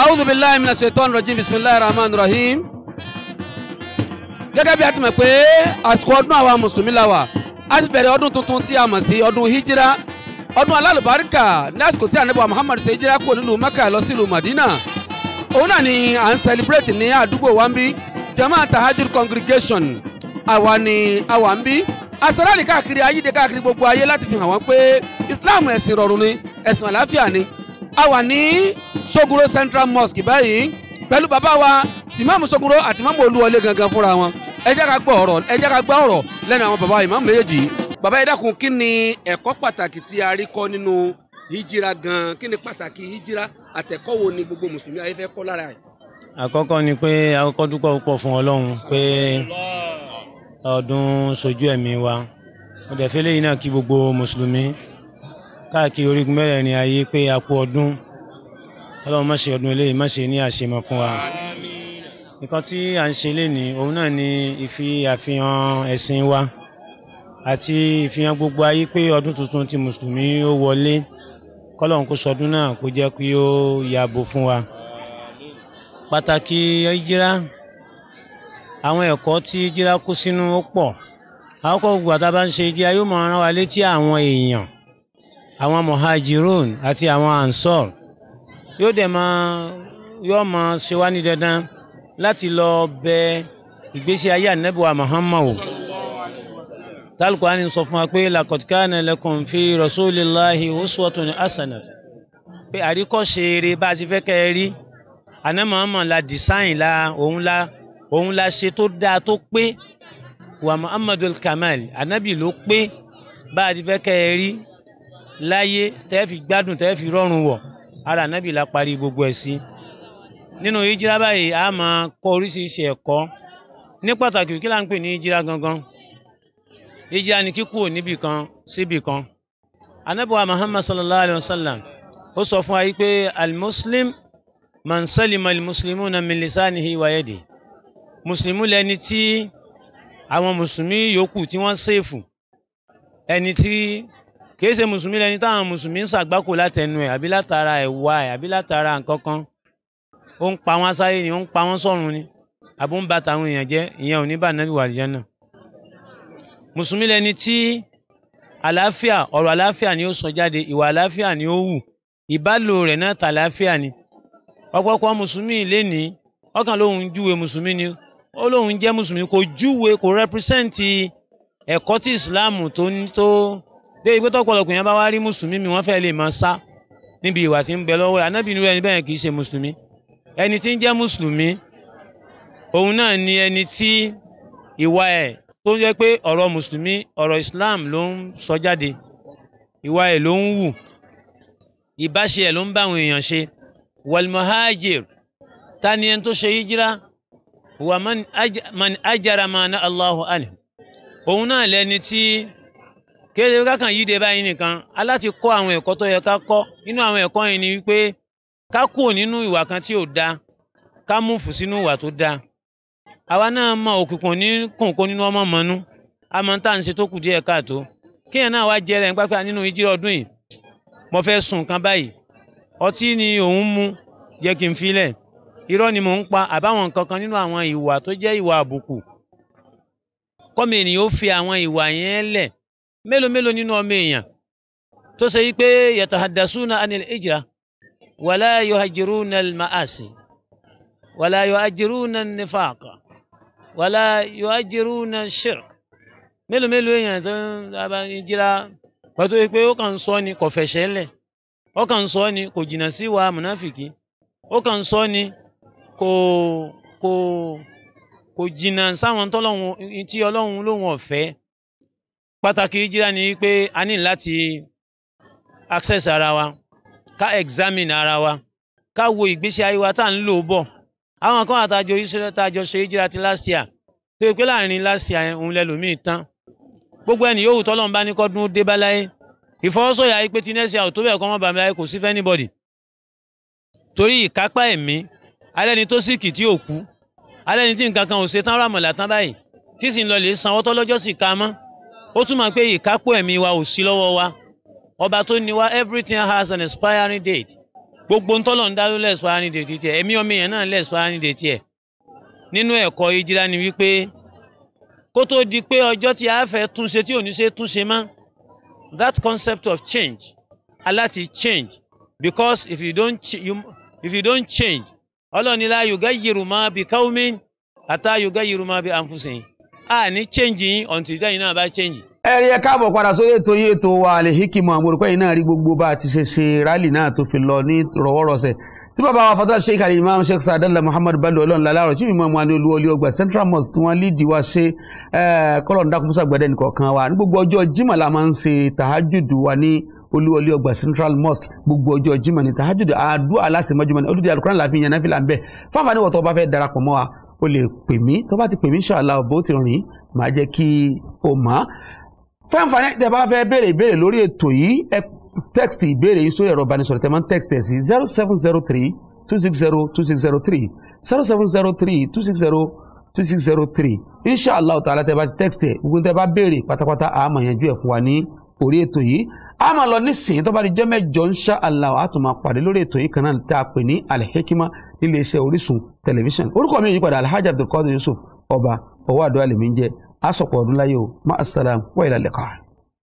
a'udhu billahi minash shaitonir rajim bisimilahi rahman rahim gẹ́gẹ́ bí a ti mọ̀ pé àsìkò ọdún àwa mùsùlùmí la wà a ti bẹ̀rẹ̀ ọdún tuntun tí a mọ̀ sí ọdún hijira ọdún alálùbáríkà ní àsìkò tí ànábì muhammad ṣe hijira kúrò nílùú mẹ́kà lọ sílùú madina òun náà ni à ń celebrate ní àdúgbò wa ń bí jama tahajud congregation àwa ni àwa ń bí asarari káàkiri ayíde káàkiri gbogbo ayé láti fi hàn wọ́n pé islam ẹ̀sìn rọrùn ni ẹ̀sìn àlàáfíà ni a wà ní Sogoro Central Mosque báyìí pẹ̀lú bàbá wa ìmáàmù Sogoro àti ìmáàmù Olúwọlé gangan fúnra wọn ẹ jẹ́ ká gbọ́ ọ̀rọ̀ ẹ jẹ́ ká gbọ́ ọ̀rọ̀ lẹ́nu àwọn bàbá ìmáàmù méjèèjì bàbá yìí dákun kí ni ẹ̀kọ́ pàtàkì tí a rí kọ́ nínú hijira gan kí ni pàtàkì hijira àtẹ̀kọ́ wo ni gbogbo mùsùlùmí ayé fẹ́ kọ́ lára ẹ̀. àkọ́kọ́ ni pé akọ́kọ́ dúpẹ́ púpọ̀ fún Ọlọ́run pé ọdún sojú ẹ̀mí wa mo káàkiri orígun mẹ́rẹ̀ẹ̀rin ayé pé a kú ọdún ọlọ́run má ọdún eléyìí má ní àṣemọ fún wa nǹkan tí à ń ṣe lénìí òun náà ni ìfi àfihàn ẹ̀sìn wa àti ìfihàn gbogbo ayé pé ọdún tuntun ti mùsùlùmí ó wọlé kọ́lọ́run kó sọdún náà kó jẹ́ kí ó yàbò fún wa pàtàkì ìjírá àwọn ẹ̀kọ́ tí ìjírá kó sínú ó pọ̀ àwọn kọ́ gbogbo àtàbà ń ṣe ìjírá yóò máa rán wa létí àwọn èèyàn àwọn muhajirun àti àwọn ansor yóò dẹ̀ máa yóò máa ṣe wá ní dandan láti lọ bẹ ìgbésí ayé anabiwa muhammadu tálùkùránì sọ fún wa pé laqad kana lakum fi rasulillahi uswatun hasanah pé àríkọ́ṣe eré bá a ti fẹ́ kẹ́ ẹ rí àná muhammad la design la òun la òun la ṣe tó dáa tó pé wa muhammadul kamal anabi ló pé bá a ti fẹ́ kẹ́ ẹ rí láyé tẹ́ fi gbádùn tẹ́ fi rọrùn wọ̀ ara nábì la parí gbogbo ẹ̀ sí. nínú ìjírá báyìí a máa kọ́ oríṣiríṣi ẹ̀kọ́ ní pàtàkì kí là ń pè ní ìjírá gangan ìjírá ni kíkú ò níbì kan síbì kan. ànábì wa muhammad sallallahu alayhi wa sallam ó sọ fún wa yìí pé almuslim man salima almuslimuna min lisanihi wa yadi mùsùlùmí lẹni tí àwọn mùsùlùmí yòókù tí wọ́n ṣèfù ẹni tí kìí ṣe mùsùlùmí lẹni táwọn mùsùlùmí ń ṣàgbákò látẹnu ẹ̀ àbí látara ẹ̀wà ẹ̀ àbí látara nǹkan kan ó ń pa wọn sáyé ni ó ń pa wọn sọ́run ni àbó ń ba tàwọn èèyàn jẹ́ ìyẹn ò ní bá nàbí wà àlìjánà mùsùlùmí lẹni tí àlàáfíà ọ̀rọ̀ àlàáfíà ni ó sọ jáde ìwà àlàáfíà ni ó hù ìbálò rẹ̀ náà tàlàáfíà ni ọ̀pọ̀pọ̀ mùsùlùmí lénìí ọkàn lòun júwe mùsùlùmí ni ó lóun jẹ́ mùsùlùmí kò júwe kò rẹpírẹsẹ̀ǹtì ẹ̀kọ́ tí ìsìláàmù tó ní tó dé ìgbé tọ́pọ̀lọpọ̀ yẹn bá wá rí mùsùlùmí mi wọ́n fẹ́ lè máa sá níbi ìwà tí ń bẹ lọ́wọ́ ẹ̀ anábì nírú ẹni kì í ṣe mùsùlùmí ẹni tí ń jẹ́ mùsùlùmí òun náà ni ẹni tí ìwà ẹ̀ tó ń pé ọ̀rọ̀ mùsùlùmí ọ̀rọ̀ Islam ló ń sọ jáde ìwà ẹ̀ ló ń wù ìbáṣe ẹ̀ ló ń bá àwọn èèyàn ṣe walmuhajir ta ni ẹni tó ṣe hijira wa man ajara ma na Allahu anhu òun náà lẹni tí kéde kákan yíde báyìí nìkan aláti kọ́ àwọn ẹ̀kọ́ tó yẹ ká kọ́ nínú àwọn ẹ̀kọ́ yìí ni wípé ká kúrò nínú ìwà kan tí ò da ká múfù sínú ìwà tó da àwa náà mọ òkùnkùn ní kùnkùn nínú ọmọ mọnú àmọ́ tá à ń ṣe tó kù díẹ̀ káàtó kéèyàn náà wá jẹrẹ ń pápá nínú ìjírọ ọdún yìí mo fẹ́ sùn kan báyìí ọtí ni òun mú jẹ́ kí n filẹ̀ irọ́ ni mò ń pa àbáwọn kankan nínú àwọn ìwà tó jẹ́ ìwà àbùkù kọ́mi ènìyàn ó fi àwọn ìwà yẹn lẹ̀ mélòó mélòó nínú ọmọ èèyàn tó ṣe yí pé yatahadasuna anil hijra wala yuhajiruna al-ma'asi wala yuhajiruna nifaqa wala yuhajiruna shirk mélòó mélòó èèyàn tó ń jira pàtó yí pé ó kàn ń sọ ni kò fẹsẹ̀ lẹ̀ ó kàn ń sọ ni kò jìnnà sí wa mùnáfìkì ó kàn ń sọ ni kò kò kò jìnnà sáwọn tọ́lọ́hún tí ọlọ́hún lóhun ọ̀fẹ́ pàtàkì ìjírà ni pé a ní láti access ara wa ká examine ara wa ká wo ìgbésí ayé wa tá à ń lò bọ̀ àwọn kan àtàjọ ìṣẹlẹ tàjọ ṣe ìjírà ti last year tó yẹ pé láàrin last year òun lẹlòmíì tán gbogbo ẹni yóò tọ́lọ́ ń bá ní kọ́dún dé bá láyé ìfọwọ́sọ̀yà ayé pé ti next year October kọ́ mọ́ bàmí kò sí fẹ́ anybody torí ìkápá ẹ̀mí alẹ́ni tó sì kì tí ò kú alẹ́ni tí nǹkan kan ò ṣe tán rámọ̀lá tán báyìí tí sì ń lọ lè sanwó tọ́lọ́jọ́ sì ka mọ́ ó túmọ̀ pé ìkápò ẹ̀mí wa ò sí lọ́wọ́ wa ọba tó ní wa everything has an expiring date gbogbo ntọ́lọ̀ ń dá ló lẹ́sparáníde ti tiẹ̀ ẹ̀mí ọmọ èèyàn náà lẹ́sparáníde tiẹ̀ nínú ẹ̀kọ́ ìjìlá ni wípé kó tó di pé ọjọ́ tí a fẹ́ túnṣe tí ò ní ṣe túnṣe mọ́ that concept of change aláti change because if you don't you, if you don't change ọlọ́nilá yóò gá yìrùmọ́ bí káwọ́mí àtá yóò gá yìrùmọ́ bí àǹfùsìn a ní change yín until tẹ́yìn náà bá change. ẹ rí ẹ káàbọ̀ padà sórí ètò yìí ètò wa Al-Hikmat amúrúkọ yìí náà rí gbogbo bá a ti ṣe ṣe rálì náà tó fi lọ ní rọwọ́rọsẹ̀ tí bàbá wa fatah sheikh ali imam sheikh sadala muhammad balu ọlọ́run lálárọ̀ tí mímọ́ wọn ni olúwọlé ọgbà central mosque tí wọ́n lídìí wa ṣe kọ́lọ̀ ńdàkùnmùsà gbẹ̀dẹ̀ nìkọ̀ọ̀kan wa ní gbogbo ọjọ́ jimá la máa ń ṣe tàhájùdù wa ní olúwọlé ọgbà central mosque gbogbo ọjọ́ jimá ní tàhájùdù àdúrà aláṣẹmọ́júmọ́ ní olùdíje alukóran láàfin yẹn náà fi là ń bẹ̀ fáfáníwọ̀tọ̀ ọba fẹ́ darapọ̀ mọ́ wa o lè pè mí tó bá ti pè mí ṣàlà ọ̀bọ ti rìn màá jẹ́ kí o mọ̀ ọ́. fẹ́ǹfààní tẹ́ bá fẹ́ béèrè ìbéèrè lórí ètò yìí ẹ tẹ́kìtì ìbéèrè yìí sórí ẹ̀rọ ìbánisọ̀rọ̀ tẹ́ tẹ́kìtì ẹ̀ sí zero seven zero three two six zero two six zero three zero seven zero three two six zero two six zero three inshallah ta'ala tẹ́ bá ti tẹ́kìtì ẹ̀ gbogbo tẹ́ bá béèrè pátápátá a máa yanjú ẹ̀ fún wa ní orí ètò yìí a máa lọ nísìnyí tó bá di jẹ́ mẹ́jọ inshallah a pàdé lórí ètò yìí kan náà tá a pè ní alhikima nílé iṣẹ́ Orísun tẹlifíṣàn orúkọ mi yípadà Alhaji Abdulkadir Yusuf ọba ọwọ́ àdúrà lèmi ń jẹ́ asọ̀pọ̀ ọdún láyé o ma asalaam wa ilà liqa.